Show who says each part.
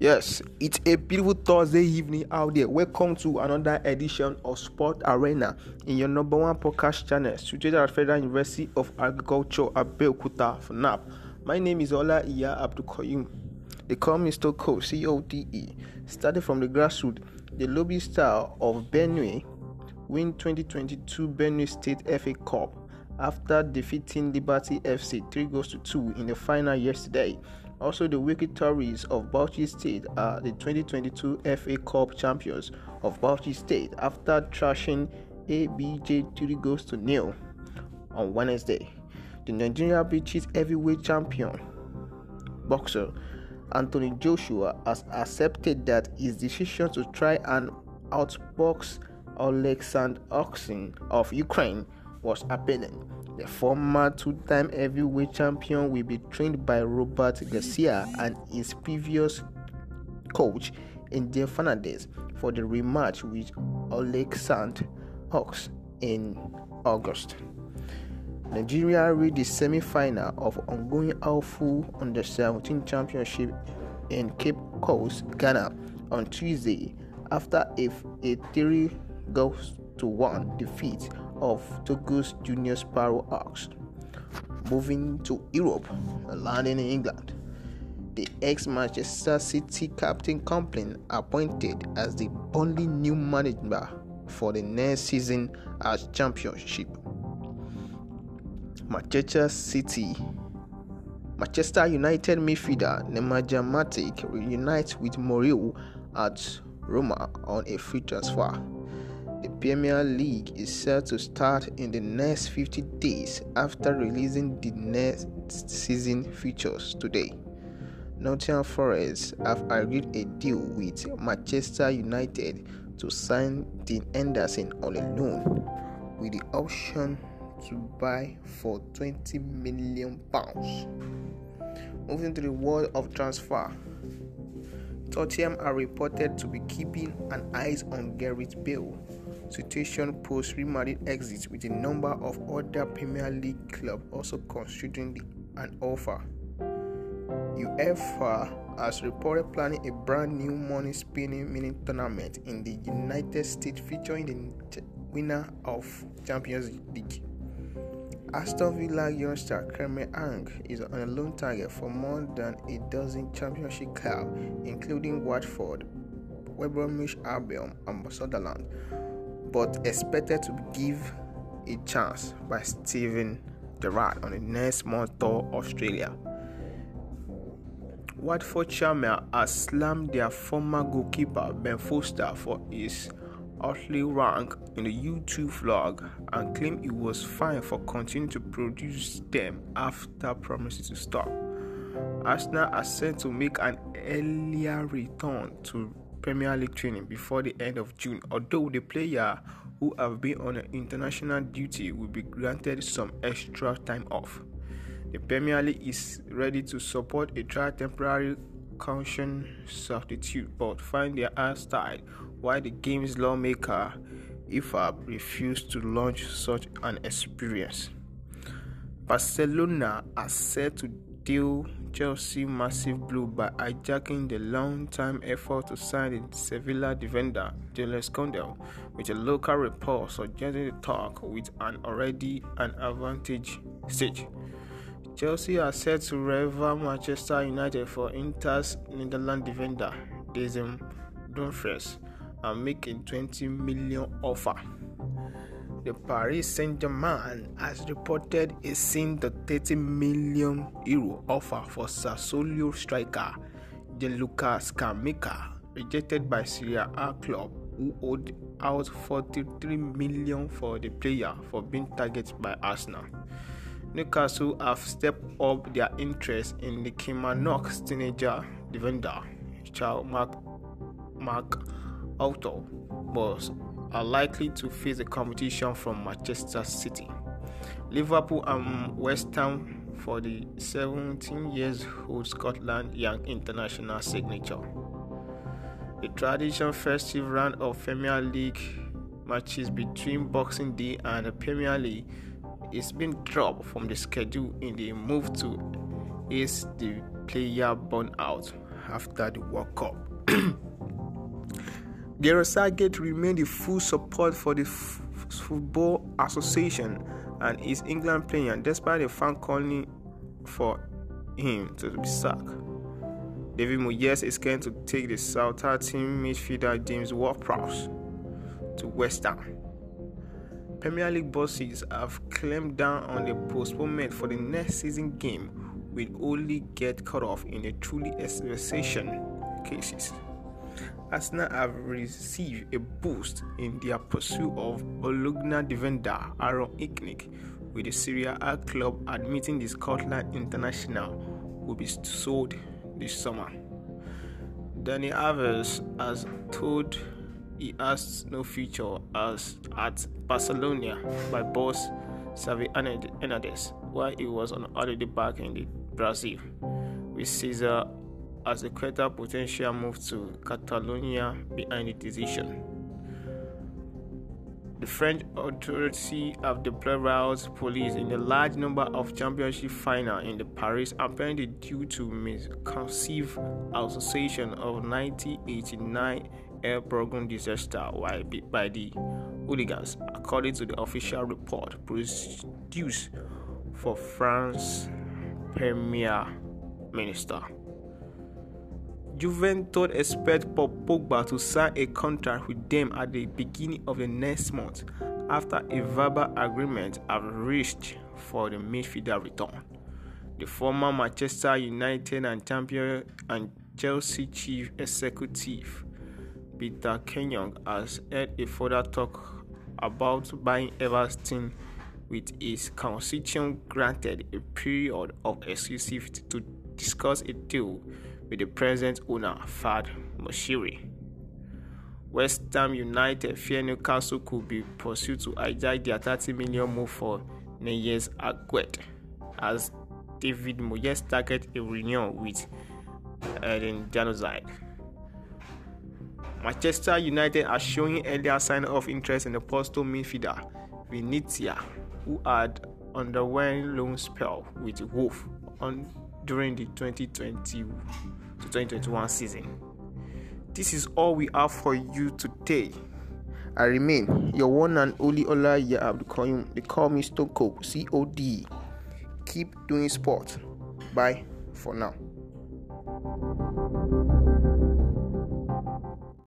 Speaker 1: Yes, it's a beautiful Thursday evening out there. Welcome to another edition of Sport Arena in your number one podcast channel, situated at Federal University of Agriculture, Abeokuta, FNAP. My name is Ola Iya Abdukoyim. They call me Stoko, COTE. Started from the grassroots, the lobby star of Benue win 2022 Benue State FA Cup after defeating Liberty FC 3 goals to 2 in the final yesterday. Also, the Wicked Tories of Bauchi State are the 2022 FA Cup champions of Bauchi State after thrashing ABJ 3 goals to nil on Wednesday. The Nigeria Beaches heavyweight champion boxer Anthony Joshua has accepted that his decision to try and outbox Alexander Oxen of Ukraine was appealing. The former two time heavyweight champion will be trained by Robert Garcia and his previous coach, Angel Fernandez, for the rematch with Oleg Sant Hawks in August. Nigeria reached the semi final of ongoing Alfu Under 17 Championship in Cape Coast, Ghana, on Tuesday after a, 3 goes to 1 defeat of Togo's Junior Sparrow Hawks, moving to Europe and landing in England. The ex Manchester City captain Complin appointed as the only new manager for the next season as Championship. Manchester City Manchester United midfielder Nemanja Matic reunites with Mourinho at Roma on a free transfer. The Premier League is set to start in the next 50 days after releasing the next season fixtures today. Nottingham Forest have agreed a deal with Manchester United to sign Dean Anderson on a loan with the option to buy for 20 million pounds. Moving to the world of transfer, Tottenham are reported to be keeping an eye on Gareth Bale situation post remarried exits with a number of other Premier League clubs also considering an offer. UEFA has reported planning a brand new money spinning mini tournament in the United States featuring the winner of Champions League. Aston Villa youngster Kramer Ang is on a loan target for more than a dozen championship clubs, including Watford, Wembley, Albion, and Sunderland but expected to give a chance by Steven Gerrard on the next month tour Australia. chairman has slammed their former goalkeeper Ben Foster for his earthly rank in the U2 vlog and claimed he was fine for continuing to produce them after promising to stop. Arsenal are sent to make an earlier return to Premier League training before the end of June, although the player who have been on an international duty will be granted some extra time off. The Premier League is ready to support a trial temporary caution substitute but find their hands tied why the game's lawmaker IFA refused to launch such an experience. Barcelona are set to steal Chelsea massive blow by hijacking the long-time effort to sign the Sevilla defender Jules Condell with a local report suggesting the talk with an already an advantage stage. Chelsea are set to rival Manchester United for Inter's Netherlands defender Desem Dumfries and make a 20 million offer the Paris Saint Germain has reported it's seen the 30 million euro offer for Sassuolo striker Gianluca Scamacca rejected by Serie A club who owed out 43 million for the player for being targeted by Arsenal. Newcastle have stepped up their interest in the Kimanok teenager defender Charles Mark Mark Auto, but are likely to face a competition from Manchester City. Liverpool and West Ham for the 17 years old Scotland Young International signature. The traditional festive round of Premier League matches between Boxing Day and the Premier League is being dropped from the schedule in the move to ease the player burnout after the World Cup. Gerasa remained the full support for the F- Football Association and his England player, despite the fan calling for him to be sacked. David Moyes is going to take the Southampton midfielder James Ward-Prowse to West Ham. Premier League bosses have clamped down on the postponement for the next season game will only get cut off in a truly exceptional cases. Arsenal have received a boost in their pursuit of Olugna defender Aaron Icknick, with the Serie A club admitting the Scotland international will be sold this summer. Danny Alves has told he has no future as at Barcelona by boss Xavi Hernandez while he was on holiday back in Brazil with Cesar as the greater potential moved to Catalonia behind the decision. The French authority have deployed riot police in a large number of championship finals in the Paris, apparently due to misconceived association of 1989 air program disaster by the hooligans, according to the official report produced for France Premier Minister. Juventus expect Paul Pogba to sign a contract with them at the beginning of the next month after a verbal agreement has reached for the midfielder return. The former Manchester United and champion and Chelsea chief executive Peter Kenyon has had a further talk about buying Everton with his constituent granted a period of exclusivity to discuss a deal with the present owner Fad Moshiri. West Ham United fear Newcastle could be pursued to hijack their 30 million move for Neyes Aguet as David Moyes target a reunion with Eden Januzaj. Manchester United are showing earlier sign of interest in the postal midfielder Vinicius, who had underwent loan spell with Wolf on during the 2020 to 2021 season. This is all we have for you today. I remain your one and only Ola Abdukoyum. They call me Stone Cold, C O D. Keep doing sport. Bye for now.